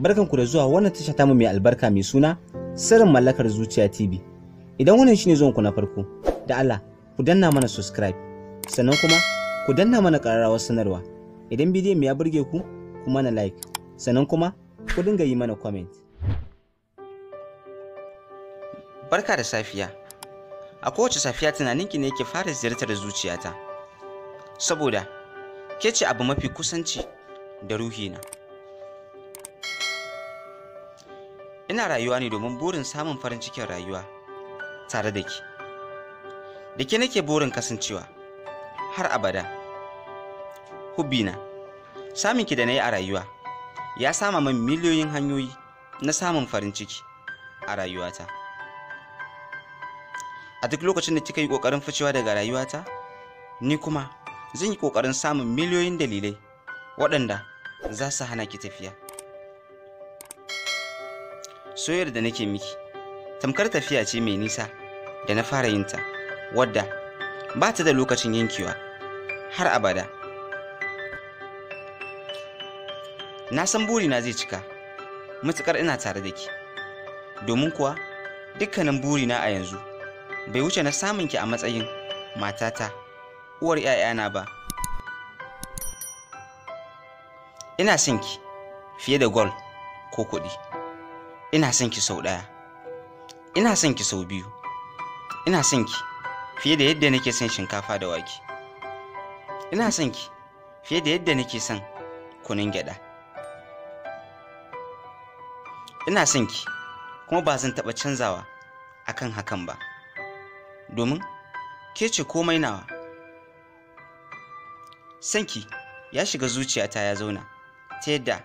barkanku da zuwa wannan tasha tamu mai albarka mai suna sirrin mallakar zuciya TV. Idan wannan shine zuwan ku na farko, da Allah ku danna mana subscribe, sannan kuma ku danna mana ƙararrawar sanarwa. Idan bidiyon ya burge ku, ku mana like, sannan kuma ku dinga yi mana comment. Barka da safiya. A kowace safiya tunanin ki ne yake fara ziyartar zuciyata. Saboda, ke ce abu mafi kusanci da ruhina. ina rayuwa ne domin burin samun farin cikin rayuwa tare da ke, da ke nake burin kasancewa har abada Hubina samun ki da na yi a rayuwa ya sama min miliyoyin hanyoyi na samun farin ciki a rayuwata a duk lokacin da kika yi ƙoƙarin ficewa daga rayuwata ni kuma zan yi ƙoƙarin samun miliyoyin dalilai waɗanda za su hana ki tafiya Soyar da nake miki tamkar tafiya ce mai nisa da na fara yinta wadda ba ta da lokacin yankewa har abada na san burina zai cika matuƙar ina tare da ke, domin kuwa dukkanin burina a yanzu bai wuce na samun ki a matsayin matata uwar 'ya'yana ba ina son fiye da gol ko kuɗi ina son ki sau ɗaya ina son ki sau biyu ina son ki fiye da yadda nake son shinkafa da wake ina son ki fiye da yadda nake son kunun gyaɗa ina son ki kuma ba zan taɓa canzawa kan hakan ba domin ke ce komai nawa Son ki ya shiga zuciyata ya zauna ta yadda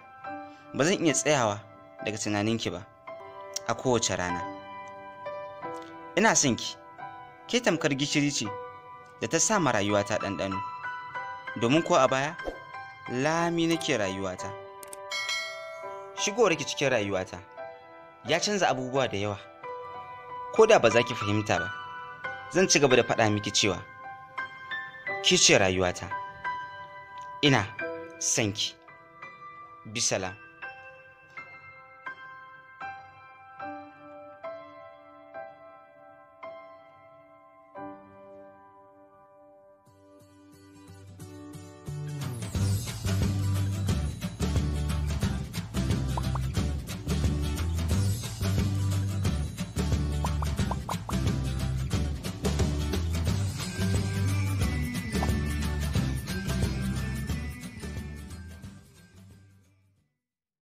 ba zan iya tsayawa daga tunaninki ba a kowace rana ina son ki ke tamkar gishiri ce da ta sa ma rayuwata ɗanɗano domin ko a baya lami nake rayuwata shigowarki cikin rayuwata ya canza abubuwa da yawa ko da ba za ki fahimta ba zan ci gaba da faɗa miki cewa ki ce rayuwata ina son sanki bisalam